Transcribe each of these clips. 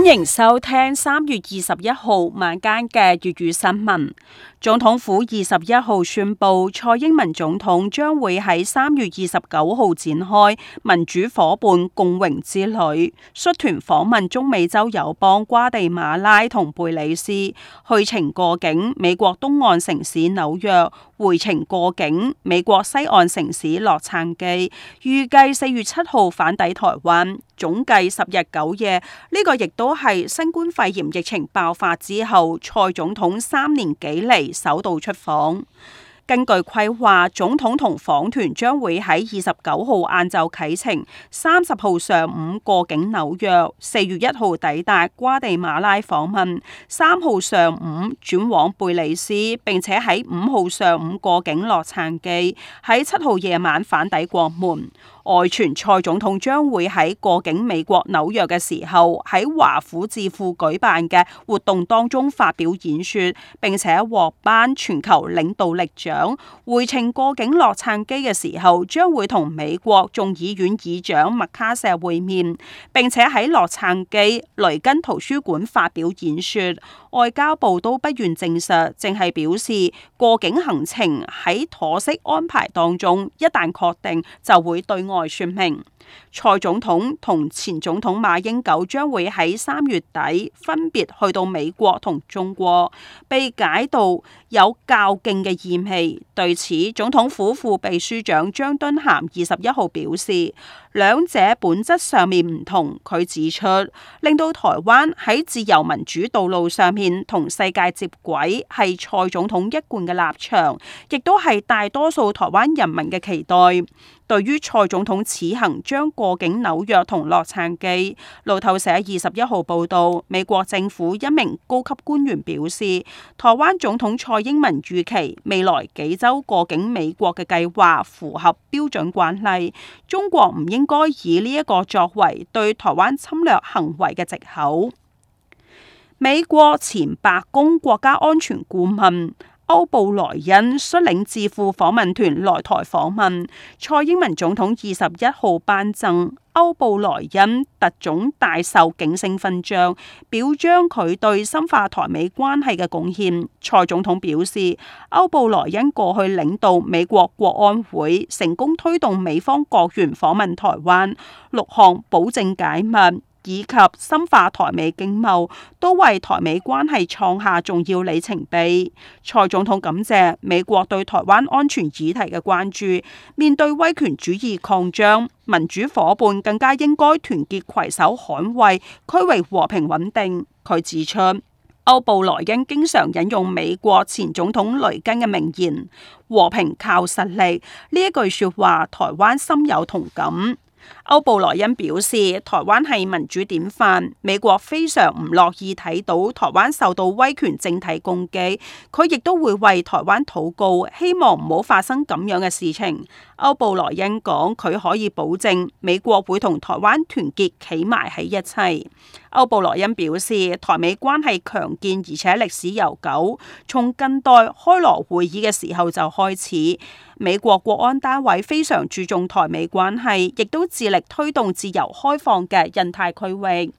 歡迎收聽三月二十一號晚間嘅粵語新聞。總統府二十一號宣佈，蔡英文總統將會喺三月二十九號展開民主夥伴共榮之旅，率團訪問中美洲友邦瓜地馬拉同貝里斯，去程過境美國東岸城市紐約，回程過境美國西岸城市洛杉磯，預計四月七號返抵台灣，總計十日九夜。呢個亦都係新冠肺炎疫情爆發之後，蔡總統三年幾嚟，首度出訪。根據規劃，總統同訪團將會喺二十九號晏晝啟程，三十號上午過境紐約，四月一號抵達瓜地馬拉訪問，三號上午轉往貝里斯，並且喺五號上午過境洛杉磯，喺七號夜晚返抵國門。外傳蔡總統將會喺過境美國紐約嘅時候，喺華府智庫舉辦嘅活動當中發表演說，並且獲頒全球領導力獎。回程過境洛杉磯嘅時候，將會同美國眾議院議長麥卡錫會面，並且喺洛杉磯雷根圖書館發表演說。外交部都不願證實，淨係表示過境行程喺妥適安排當中，一旦確定就會對外說明。蔡總統同前總統馬英九將會喺三月底分別去到美國同中國，被解讀有較勁嘅意味。對此，總統府副秘書長張敦涵二十一號表示，兩者本質上面唔同，佢指出令到台灣喺自由民主道路上面同世界接軌，係蔡總統一貫嘅立場，亦都係大多數台灣人民嘅期待。對於蔡總統此行將過境紐約同洛杉磯，路透社二十一號報道，美國政府一名高級官員表示，台灣總統蔡英文預期未來幾週過境美國嘅計劃符合標準慣例，中國唔應。應該以呢一個作為對台灣侵略行為嘅藉口。美國前白宮國家安全顧問，歐布萊恩率領智庫訪問團來台訪問，蔡英文總統二十一號頒贈歐布萊恩特種大綬景星勳章，表彰佢對深化台美關係嘅貢獻。蔡總統表示，歐布萊恩過去領導美國國安會，成功推動美方國員訪問台灣六項保證解密。以及深化台美經貿都為台美關係創下重要里程碑。蔡總統感謝美國對台灣安全議題嘅關注，面對威權主義擴張，民主夥伴更加應該團結攜手捍衛區域和平穩定。佢指出，歐布萊恩經常引用美國前總統雷根嘅名言：「和平靠實力」呢一句說話，台灣深有同感。歐布萊恩表示，台灣係民主典範，美國非常唔樂意睇到台灣受到威權政體攻擊，佢亦都會為台灣禱告，希望唔好發生咁樣嘅事情。歐布萊恩講，佢可以保證美國會同台灣團結企埋喺一齊。歐布萊恩表示，台美關係強健而且歷史悠久，從近代開羅會議嘅時候就開始。美國國安單位非常注重台美關係，亦都致力。推動自由開放嘅印太區域。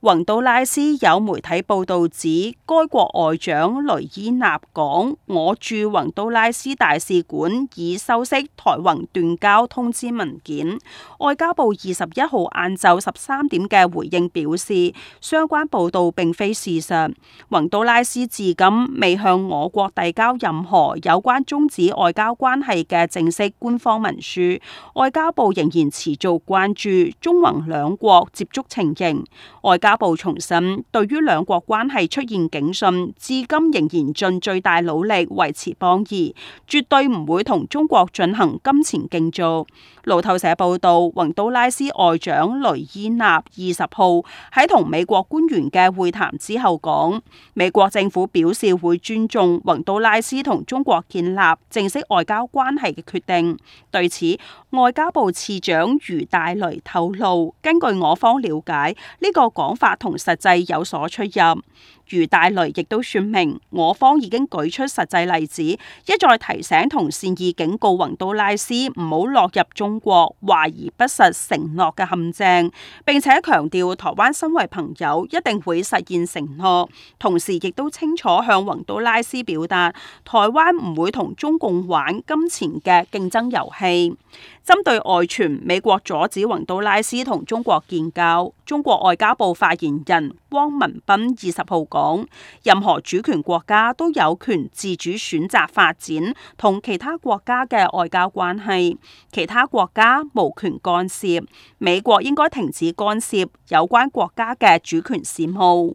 宏都拉斯有媒體報道指，該國外長雷伊納講：我駐宏都拉斯大使館已收悉台宏斷交通知文件。外交部二十一號晏晝十三點嘅回應表示，相關報道並非事實。宏都拉斯至今未向我國遞交任何有關終止外交關係嘅正式官方文書。外交部仍然持續關注中宏兩國接觸情形。外。加部重新，對於兩國關係出現警訊，至今仍然盡最大努力維持邦義，絕對唔會同中國進行金錢競造。路透社報道，洪都拉斯外長雷伊納二十號喺同美國官員嘅會談之後講，美國政府表示會尊重洪都拉斯同中國建立正式外交關係嘅決定。對此，外交部次長馮大雷透露，根據我方了解，呢、這個講法同實際有所出入。余大雷亦都說明，我方已經舉出實際例子，一再提醒同善意警告宏都拉斯唔好落入中國華而不實承諾嘅陷阱。並且強調台灣身為朋友一定會實現承諾，同時亦都清楚向宏都拉斯表達台灣唔會同中共玩金錢嘅競爭遊戲。針對外傳美國阻止宏都拉斯同中國建交，中國外交部發言人汪文斌二十號講。任何主權國家都有權自主選擇發展同其他國家嘅外交關係，其他國家無權干涉。美國應該停止干涉有關國家嘅主權事務。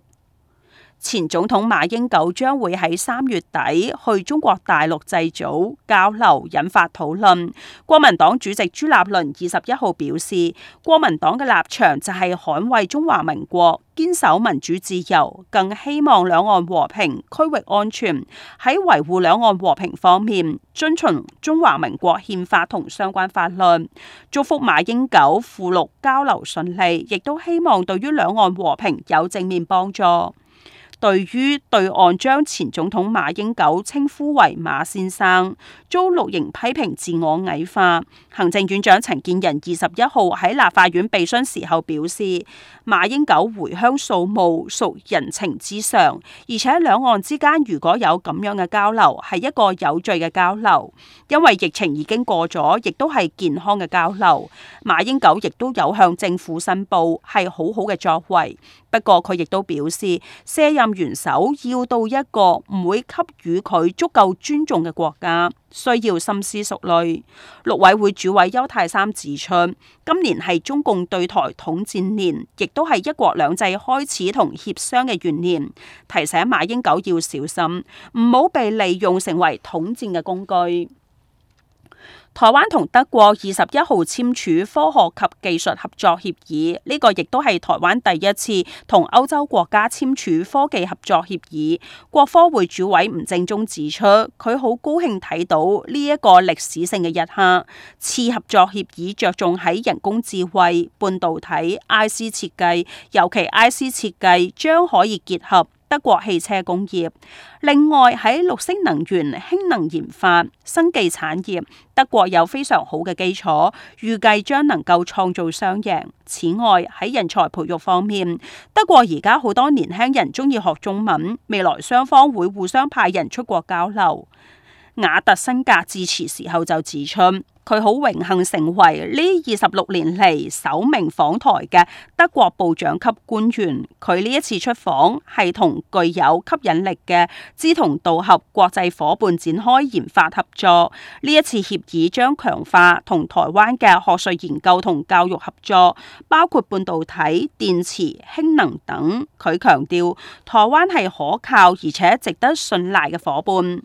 前總統馬英九將會喺三月底去中國大陸祭祖交流，引發討論。國民黨主席朱立倫二十一號表示，國民黨嘅立場就係捍衛中華民國，堅守民主自由，更希望兩岸和平、區域安全。喺維護兩岸和平方面，遵循中華民國憲法同相關法律。祝福馬英九赴陸交流順利，亦都希望對於兩岸和平有正面幫助。對於對岸將前總統馬英九稱呼為馬先生遭綠營批評自我矮化，行政院長陳建仁二十一號喺立法院備詢時候表示，馬英九回鄉掃墓屬人情之常」，而且兩岸之間如果有咁樣嘅交流係一個有序嘅交流，因為疫情已經過咗，亦都係健康嘅交流。馬英九亦都有向政府申報係好好嘅作為，不過佢亦都表示卸任。元首要到一個唔會給予佢足夠尊重嘅國家，需要深思熟慮。陸委會主委邱太三指出，今年係中共對台統戰年，亦都係一國兩制開始同協商嘅元年，提醒馬英九要小心，唔好被利用成為統戰嘅工具。台灣同德國二十一號簽署科學及技術合作協議，呢個亦都係台灣第一次同歐洲國家簽署科技合作協議。國科會主委吳政忠指出，佢好高興睇到呢一個歷史性嘅一刻。此合作協議着重喺人工智慧、半導體、I C 設計，尤其 I C 設計將可以結合。德國汽車工業，另外喺綠色能源、氫能研發、生技產業，德國有非常好嘅基礎，預計將能夠創造雙贏。此外喺人才培育方面，德國而家好多年輕人中意學中文，未來雙方會互相派人出國交流。雅特辛格致辭時候就指出，佢好榮幸成為呢二十六年嚟首名訪台嘅德國部長級官員。佢呢一次出訪係同具有吸引力嘅志同道合國際伙伴展開研發合作。呢一次協議將強化同台灣嘅學術研究同教育合作，包括半導體、電池、氫能等。佢強調，台灣係可靠而且值得信賴嘅伙伴。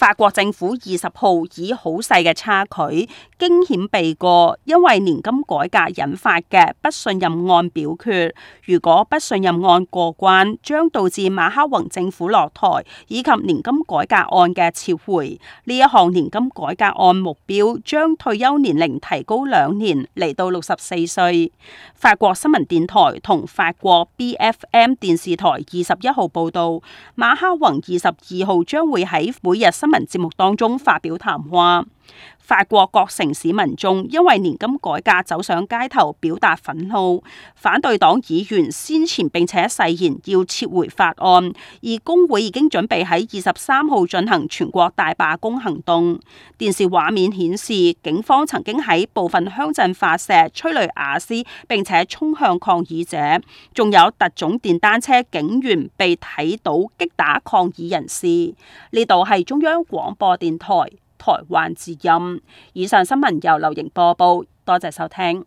法國政府二十號以好細嘅差距，驚險避過，因為年金改革引發嘅不信任案表決。如果不信任案過關，將導致馬克宏政府落台以及年金改革案嘅撤回。呢一項年金改革案目標將退休年齡提高兩年，嚟到六十四歲。法國新聞電台同法國 BFM 電視台二十一號報道，馬克宏二十二號將會喺每日新聞節目當中發表談話。法國各城市民眾因為年金改革走上街頭表達憤怒，反對黨議員先前並且誓言要撤回法案，而工會已經準備喺二十三號進行全國大罷工行動。電視畫面顯示，警方曾經喺部分鄉鎮發射催淚瓦斯，並且衝向抗議者，仲有特種電單車警員被睇到擊打抗議人士。呢度係中央廣播電台。台灣之音。以上新聞由流瑩播報，多謝收聽。